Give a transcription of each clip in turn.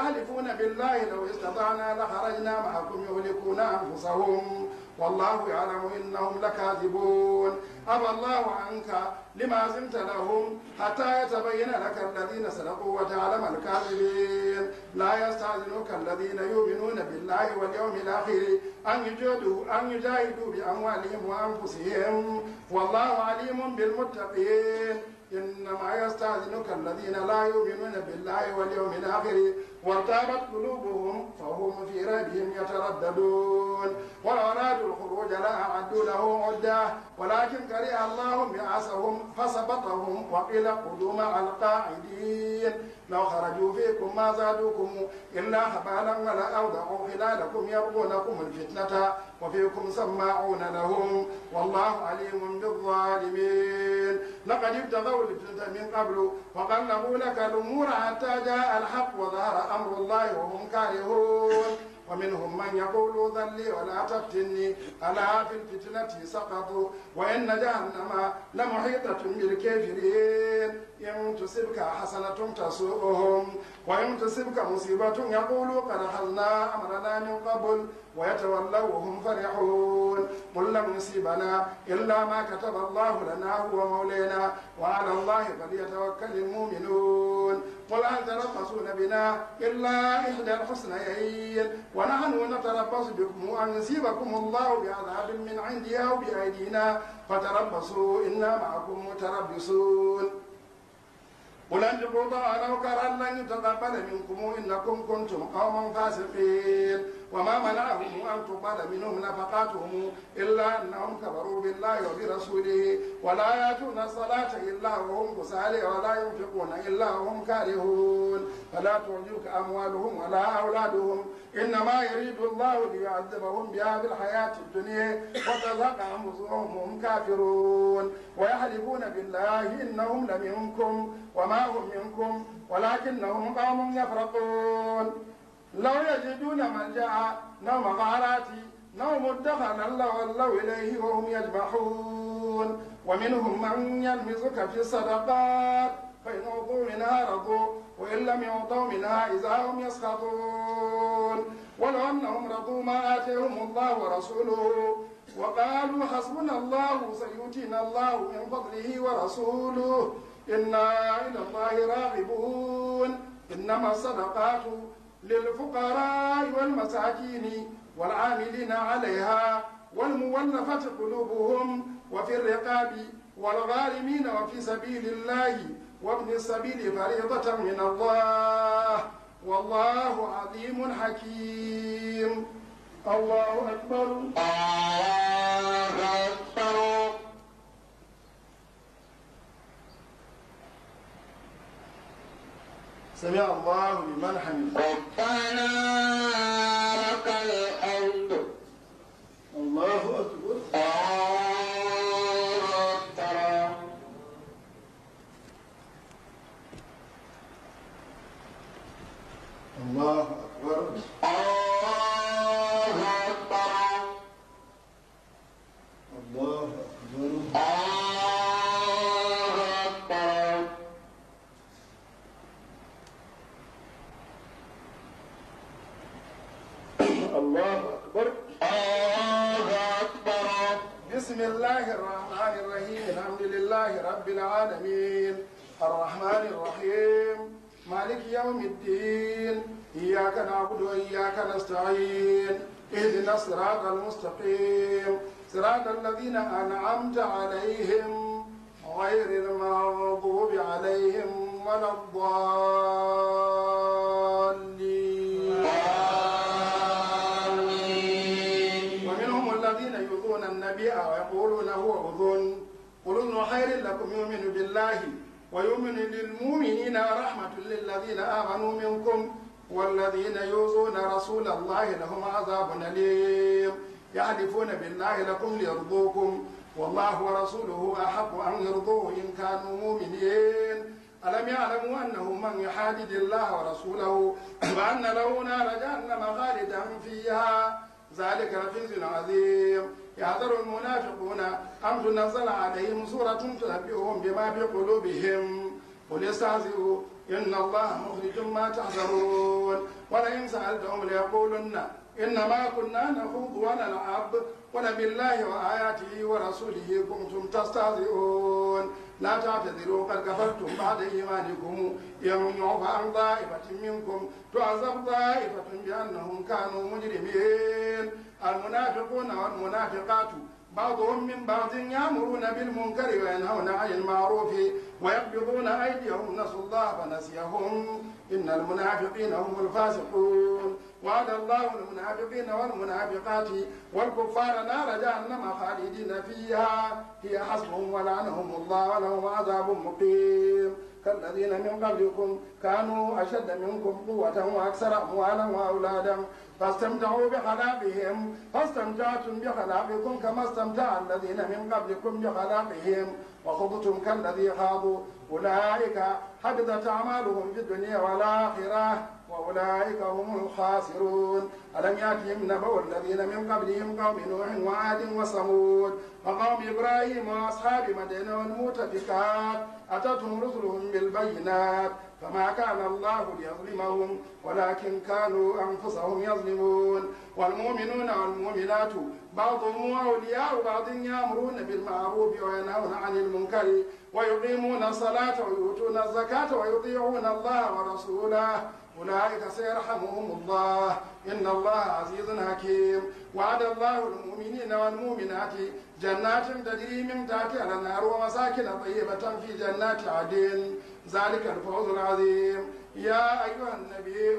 يحلفون بالله لو استطعنا لخرجنا معكم يهلكون أنفسهم والله يعلم إنهم لكاذبون أبى الله عنك لما زمت لهم حتى يتبين لك الذين سرقوا وتعلم الكاذبين لا يستعزنك الذين يؤمنون بالله واليوم الآخر أن يجاهدوا أن يجاهدوا بأموالهم وأنفسهم والله عليم بالمتقين إنما يستعزنك الذين لا يؤمنون بالله واليوم الآخر وارتابت قلوبهم فهم في ريبهم يترددون ولو أرادوا الخروج لأعدوا له عدة ولكن كره الله بعثهم فسبطهم وقيل قدوم مع القاعدين لو خرجوا فيكم ما زادوكم إلا خبالا ولا أوضعوا خلالكم يرغونكم الفتنة وفيكم سماعون لهم والله عليم بالظالمين لقد ابتغوا الفتنة من قبل وقلبوا لك الأمور حتى جاء الحق وظهر أمر الله وهم كارهون ومنهم من يقول ذلي ولا تفتني ألا في الفتنة سقطوا وإن جهنم لمحيطة بالكافرين إن تصبك حسنة تسوءهم وإن تصبك مصيبة يقولوا قد أخذنا أمرنا من قبل ويتولوا وهم فرحون قل لم يصيبنا إلا ما كتب الله لنا هو مولينا وعلى الله فليتوكل المؤمنون يعملون قل هل تربصون بنا إلا إحدى الحسنيين ونحن نتربص بكم أن يصيبكم الله بعذاب من عندي أو بأيدينا فتربصوا إنا معكم متربصون قل انتقوا لو كرا لن يتقبل منكم إنكم كنتم قوما فاسقين وما منعهم أن تقبل منهم نفقاتهم إلا أنهم كفروا بالله وبرسوله ولا يأتون الصلاة إلا وهم كسالى ولا ينفقون إلا وهم كارهون فلا تعجبك أموالهم ولا أولادهم إنما يريد الله ليعذبهم بها في الحياة الدنيا وتزهق أنفسهم هم كافرون ويحلفون بالله إنهم لمنكم وما هم منكم ولكنهم قوم يفرقون لو يجدون ملجأ نوم غارات نوم ادخل الله الله إليه وهم يجمحون ينفقون ومنهم من يلمزك في الصدقات فإن أعطوا منها رضوا وإن لم يعطوا منها إذا هم يسخطون ولو أنهم رضوا ما آتيهم الله ورسوله وقالوا حسبنا الله سيؤتينا الله من فضله ورسوله إنا إلى الله راغبون إنما الصدقات للفقراء والمساكين والعاملين عليها والمولفة قلوبهم وفي الرقاب والغارمين وفي سبيل الله وابن السبيل فريضة من الله والله عظيم حكيم الله أكبر الله أكبر سمع الله لمن حمده ربنا الله أكبر الله أكبر الله أكبر الله أكبر بسم الله الرحمن الرحيم الحمد لله رب العالمين الرحمن الرحيم مالك يوم الدين إياك نعبد وإياك نستعين اهدنا الصراط المستقيم صراط الذين أنعمت عليهم غير المغضوب عليهم ولا الضالين ومنهم الذين يؤذون النبي ويقولون هو أذن قل خير لكم يؤمن بالله ويمن للمؤمنين رحمة للذين آمنوا منكم والذين يؤذون رسول الله لهم عذاب أليم يحلفون بالله لكم ليرضوكم والله ورسوله أحب أن يرضوه إن كانوا مؤمنين ألم يعلموا أنه من يحادد الله ورسوله فأن له نار جهنم خالدا فيها ذلك لفيز عظيم يحذر المنافقون أم تنزل عليهم سورة تنبئهم بما في قلوبهم قل استهزئوا إن الله مخرج ما تحذرون ولئن سألتهم ليقولن إنما كنا نخوض ونلعب ولبالله وآياته ورسوله كنتم تستهزئون لا تعتذروا قد كفرتم بعد إيمانكم إن يعفى عن طائفة منكم تعذب طائفة بأنهم كانوا مجرمين المنافقون والمنافقات بعضهم من بعض يأمرون بالمنكر وينهون عن المعروف ويقبضون أيديهم نسوا الله فنسيهم إن المنافقين هم الفاسقون وعد الله المنافقين والمنافقات والكفار نار جهنم خالدين فيها هي حسبهم ولعنهم الله ولهم عذاب مقيم كالذين من قبلكم كانوا أشد منكم قوة وأكثر أموالا وأولادا فاستمتعوا بخلاقهم فاستمتعتم بخلاقكم كما استمتع الذين من قبلكم بخلاقهم وخضتم كالذي خاضوا أولئك حبطت أعمالهم في الدنيا والآخرة وأولئك هم الخاسرون ألم يأتهم نبأ الذين من قبلهم قوم نوح وعاد وثمود وقوم إبراهيم وأصحاب مدين والمؤتفكات أتتهم رسلهم بالبينات فما كان الله ليظلمهم ولكن كانوا أنفسهم يظلمون والمؤمنون والمؤمنات بعضهم أولياء بعض يأمرون بالمعروف وينهون عن المنكر ويقيمون الصلاة ويؤتون الزكاة ويطيعون الله ورسوله أولئك سيرحمهم الله إن الله عزيز حكيم وعد الله المؤمنين والمؤمنات جنات تجري من تحتها الأنهار ومساكن طيبة في جنات عدن ذلك الفوز العظيم يا أيها النبي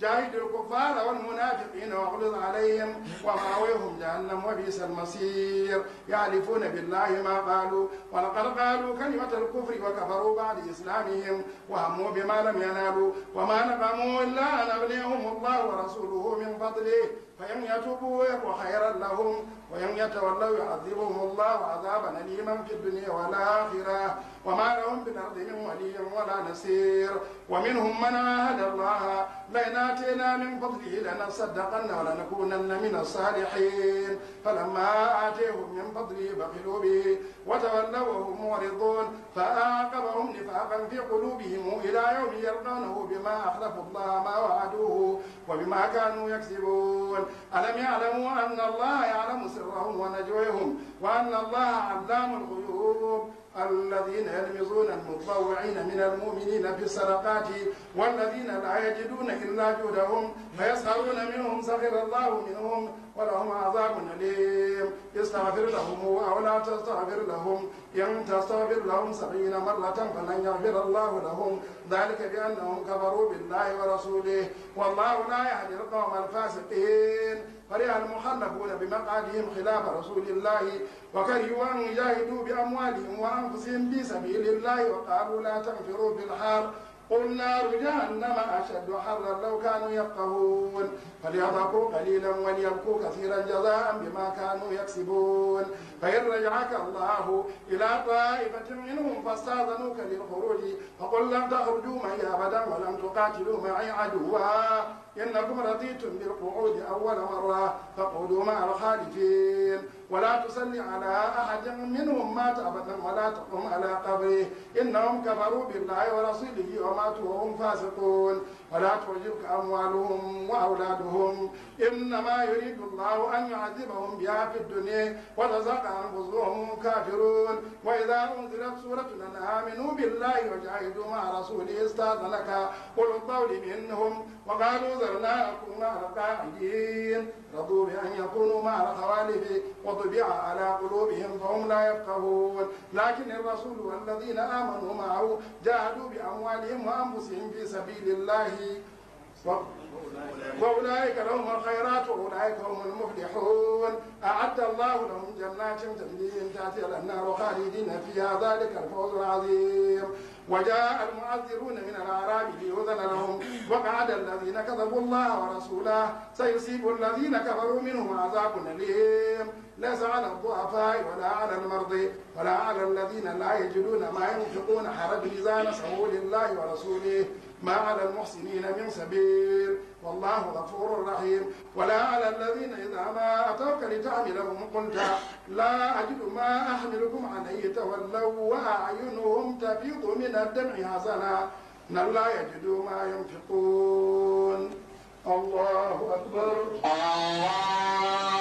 جاهد الكفار والمنافقين واغلظ عليهم وماويهم جهنم وبئس المصير يعرفون بالله ما قالوا ولقد قالوا كلمة الكفر وكفروا بعد إسلامهم وهموا بما لم ينالوا وما نقموا إلا أن أغنيهم الله ورسوله من فضله فإن يتوبوا يكن خيرا لهم وإن يتولوا يعذبهم الله عذابا أليما في الدنيا والآخرة وما لهم بالأرض من ولي ولا نصير ومنهم من عاهد الله لئن آتينا من فضله لنصدقن ولنكونن من الصالحين فلما آتيهم من فضله بخلوا به وتولوا وهم معرضون فآقبهم نفاقا في قلوبهم إلى يوم يلقونه بما أخلفوا الله ما وعدوه وبما كانوا يكسبون ألم يعلموا أن الله يعلم سرهم ونجويهم وأن الله علام الغيوب الذين يلمزون المطوعين من المؤمنين في الصدقات والذين لا يجدون إلا جودهم فيسخرون منهم سخر الله منهم ولهم عذاب أليم استغفر لهم أو لا تستغفر لهم إن تستغفر لهم سبعين مرة فلن يغفر الله لهم ذلك بأنهم كفروا بالله ورسوله والله لا يهدي القوم الفاسقين فرح المخلفون بمقعدهم خلاف رسول الله وكرهوا أن يجاهدوا بأموالهم وأنفسهم في سبيل الله وقالوا لا تنفروا في الحار قل نار جهنم أشد حرا لو كانوا يفقهون فليضحكوا قليلا وليبكوا كثيرا جزاء بما كانوا يكسبون فإن رجعك الله إلى طائفة منهم فاستأذنوك للخروج فقل لم تخرجوا معي أبدا ولم تقاتلوا معي عدوا إنكم رضيتم بالقعود أول مرة فاقعدوا مع الخالفين ولا تصل على أحد منهم مات أبدا ولا تقم على قبره إنهم كفروا بالله ورسوله وما وماتوا وهم فاسقون ولا تعجبك أموالهم وأولادهم إنما يريد الله أن يعذبهم بها في الدنيا وتزاق أنفسهم كافرون وإذا أنزلت سورة أن آمنوا بالله وجاهدوا مع رسوله استأذنك قل القول منهم وقالوا ذرنا نكون مع القاعدين رضوا بأن يكونوا مع الخوالف وطبع على قلوبهم فهم لا يفقهون لكن الرسول والذين آمنوا معه جاهدوا بأموالهم أنفسهم في سبيل الله وأولئك لهم الخيرات وأولئك هم المفلحون أعد الله لهم جنات تجري من تحتها الأنهار خالدين فيها ذلك الفوز العظيم وجاء المعذرون من الأعراب ليؤذن لهم وقعد الذين كذبوا الله ورسوله سيصيب الذين كفروا منهم عذاب أليم ليس على الضعفاء ولا على المرضى ولا على الذين لا يجدون ما ينفقون حرج إذا نصحوا لله ورسوله ما على المحسنين من سبيل الله غفور رحيم ولا على الذين إذا ما أتوك لتعملهم قلت لا أجد ما أحملكم عليه تولوا وأعينهم تفيض من الدمع حسنا لا يجدوا ما ينفقون الله أكبر